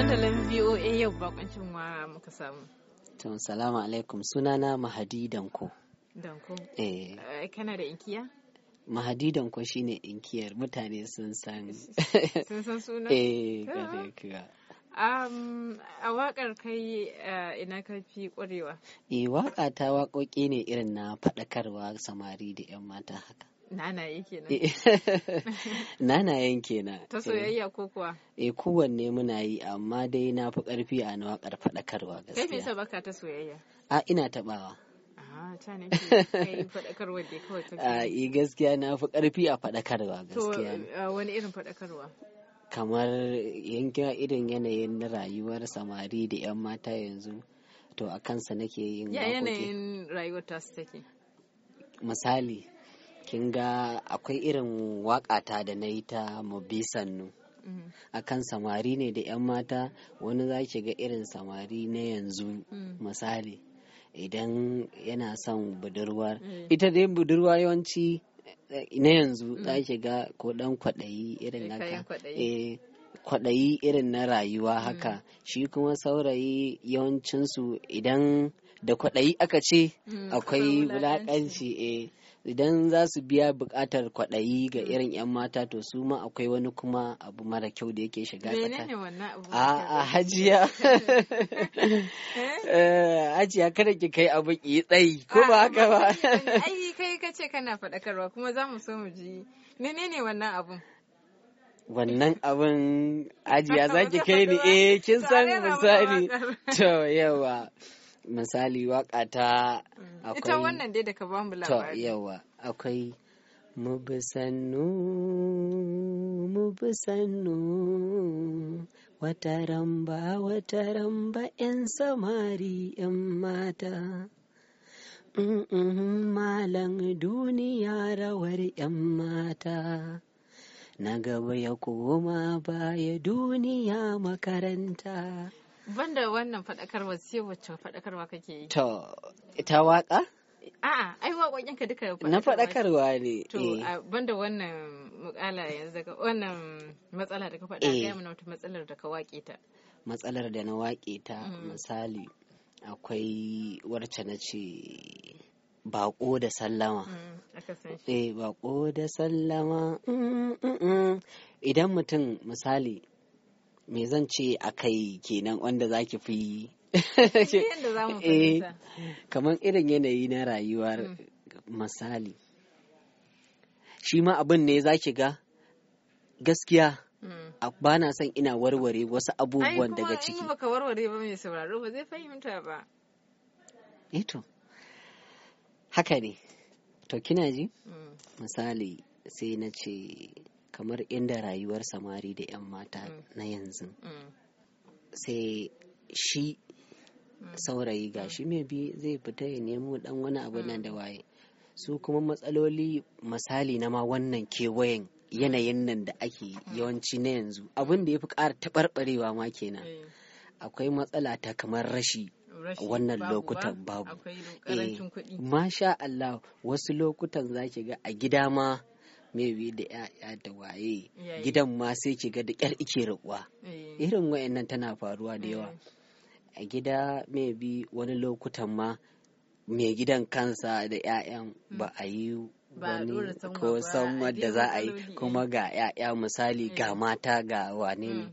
dandalin VOA yau bakoncin wa muka samu. To salamu alaikum sunana Mahadi Danko. Danko. Eh. eh kana da inkiya? Mahadi Danko shi ne inkiyar mutane sun san. Sun san suna? Eh, ah. gare kira. Um, a wakar kai uh, ina ka fi kwarewa? Eh, waka ta waƙoƙi ne irin na faɗakarwa samari da 'yan mata haka. Nana kenan. Eh, nanayen kenan. Ta soyayya ko kuwa? E kowanne muna yi amma dai na fi ƙarfi a na waƙar faɗakarwa gaskiya. Kai me yasa baka ta soyayya? A ina taɓawa. A yi eh, gaskiya na fi ƙarfi a faɗakarwa gaskiya. Wani irin faɗakarwa? Kamar yankin irin yanayin na rayuwar samari da 'yan mata yanzu to a kansa nake yin. Ya yanayin rayuwar tasu take. Misali. kin ga akwai irin waƙata da na yi ta sannu mm-hmm. akan samari ne da 'yan mata wani za ki ga irin samari na yanzu mm. misali idan yana son budurwar mm. ita dai budurwa yawanci eh, na yanzu mm. za ki ga ko dan kwaɗayi irin haka eh, kwaɗayi irin na rayuwa haka shi kuma saurayi yawancinsu idan da kwaɗayi aka ce mm, akwai wulaƙanci eh idan za su biya buƙatar kwaɗayi ga mm. irin 'yan mata to su ma akwai wani kuma abu mara kyau da yake shiga tsakanin a hajiya eh, hajiya kada ki kai abu ki tsayi ko ba haka ba ai kai kace kana faɗakarwa kuma za mu so mu ji menene wannan abun wannan abin ajiya za ki kai ni eh kin san misali to yawa misali waka ta mm. akwai ita wannan dai daga ka bamu labari to yawa akwai mu bi sannu mu bi sannu wata ramba wata ramba yan samari yan mata mm malam malan duniya rawar yan mata na gaba ya koma baya duniya makaranta Banda wannan faɗakarwa sai wacce faɗakarwa kake yi? To, ita waka? A'a, ai ka duka Na faɗakarwa ne. To, eh. banda wannan mukala yanzu daga wannan matsala da ka faɗa eh. ga mana wata matsalar da ka waƙe ta. Matsalar da na waƙe ta mm. misali akwai warce na ce baƙo da sallama. Mm, eh, baƙo da sallama. Mm, Idan mutum misali me zan ce a kai kenan wanda zaki fi eh, kamar irin yanayi na rayuwar hmm. misali shi ma abin ne za ki ga gaskiya hmm. ba na son ina warware wasu abubuwan daga ciki. Ai ka warware ba mai sauraro ba zai fahimta ba. Eto, eh haka ne. To kina ji? Hmm. Misali sai na ce kamar inda rayuwar samari da 'yan mata mm. na yanzu mm. sai shi mm. saurayi gashi mai bi zai fita ya nemo dan wani abu nan da waye su kuma matsaloli misali na ma wannan kewayen yanayin nan da ake yawanci na yanzu abin da ya fi ƙara taɓarɓarewa ma kenan eh. akwai matsala ta kamar rashi wannan lokutan babu eh, masha Allah wasu lokutan zaki ga a gida ma mewi da ya'ya da waye gidan ma sai ki ga da kyar ike rabuwa eh. irin wayannan tana faruwa da yawa eh. a gida maybe wani lokutan ma mai gidan kansa da 'ya'yan mm. ba a yi wani ko san da za a yi kuma ga 'ya'ya misali ga eh. mata ga wane ne mm.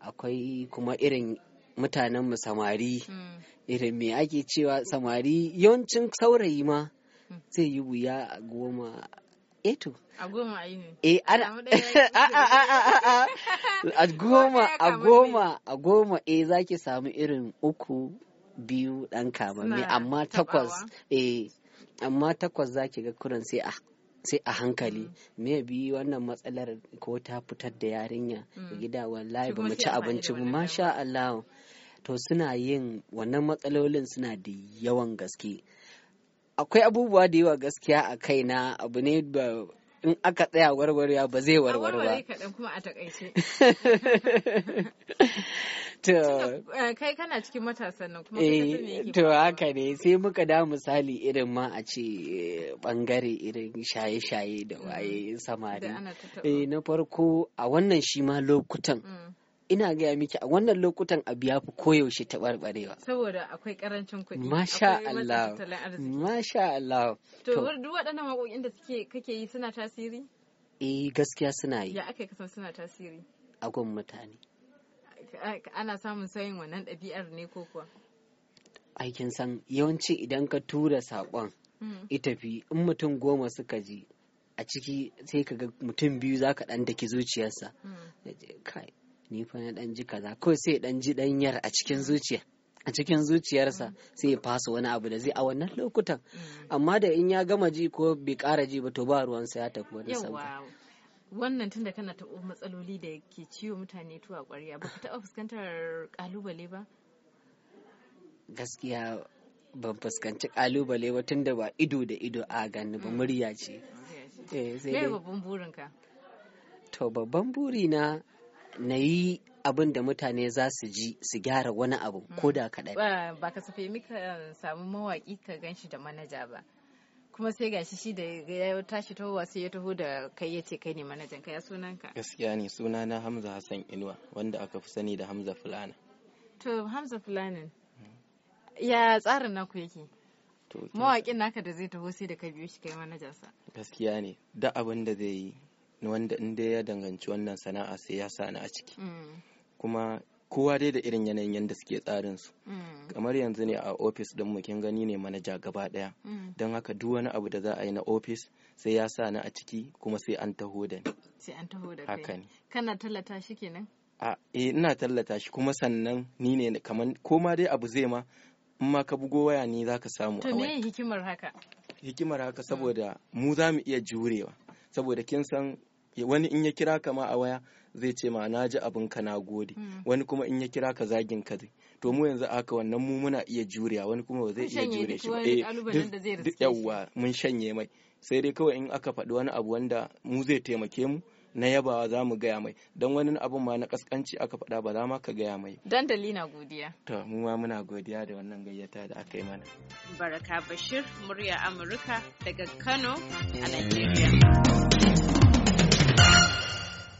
akwai kuma irin mutanen mu samari mm. irin me ake cewa samari yawancin saurayi ma zai yi wuya a goma eto eh a goma a eh, goma a goma a eh, za ki zaki samu irin uku biyu dan kamamme amma takwas amma takwas zaki ga kuran sai a sai a hankali mm. me bi wannan matsalar ko ta fitar da yarinya mm. gida wallahi ba mu ci abinci ba masha Allah to suna yin wannan matsalolin suna da yawan gaske akwai abubuwa da yawa gaskiya a kaina abu ne ba in aka tsaya warwarewa ba zai warware ba. kaɗan eh, kana cikin matasan nan kuma eh, To haka ne sai muka da misali irin ma a ce bangare eh, irin shaye-shaye da mm. waye samari. Na farko a wannan shi ma lokutan. Mm. ina gaya miki a wannan lokutan abu ya fi koyaushe ta barbarewa. Saboda akwai karancin kuɗi. Masha Allah. Masha Allah. To, duk waɗannan waƙoƙin da suke kake yi suna tasiri? Eh gaskiya suna yi. Ya aka yi kasan suna tasiri? A gun mutane. Ana samun sauyin wannan ɗabi'ar ne ko kuwa? Aikin san yawanci idan ka tura saƙon hmm. ita fi in mutum goma suka ji a ciki sai ka ga mutum biyu za ka ɗan daki zuciyarsa. Hmm. Kai ni fa na dan ji kaza kawai sai dan ji danyar a cikin zuciya a cikin zuciyarsa sai ya fasa wani abu da zai a wannan lokutan mm. amma da in ya gama ji ko bai ƙara ji ba to ba ruwansa ya tafi wani sauka wannan tunda kana taɓo matsaloli da ke ciwo mutane tuwa ƙwarya ba ka taɓa fuskantar ƙalubale ba gaskiya ban fuskanci ƙalubale ba tunda ba ido da ido a gani ba mm. murya ce. Eh, Me babban burinka? To babban burina na yi abin da mutane za su ji su gyara wani abu mm. ko da kaɗai. Ba ka safe muka eh, samu mawaƙi ka gan shi da manaja ba. Kuma sai gashi shi da ya tashi tahowa sai ya taho da kai ya ce kai ne manajan ka ya sunan ka. Gaskiya ne suna na Hamza Hassan Inuwa wanda aka fi sani da Hamza fulani. To Hamza Fulani mm. ya tsarin naku yake? Mawaƙin naka da zai taho sai da ka biyo shi kai manajansa. Gaskiya ne da abin da zai yi wanda in dai ya danganci wannan sana'a sai ya sani a ciki mm. kuma kowa dai da irin yanayin yadda suke tsarin su mm. kamar yanzu ne a ofis din mu kin gani ne manaja gaba daya mm. don haka duk wani abu da za a yi na ofis sai ya sa ni a ciki kuma sai an taho da ni sai an taho da kai kana tallata shi kenan a eh ina tallata shi kuma sannan ni ne kamar koma dai abu zai ma in ma ka bugo waya ne zaka samu to me hikimar haka hikimar haka saboda mu za mu iya jurewa saboda kin san wani in ya kira ka ma a waya zai ce ma na ji abin ka na gode hmm. wani kuma in ya kira ka zagin ka zai to mu yanzu aka wannan mu muna iya juriya wani kuma ba zai iya jure shi ba eh, yawwa mun shanye mai sai dai kawai in aka faɗi wani abu wanda mu zai taimake mu na yabawa za mu gaya mai don wani abun ma na kaskanci aka faɗa ba za ma ka gaya mai dandali na godiya to mu ma muna godiya da wannan gayyata da aka yi mana baraka bashir murya amurka daga kano a nigeria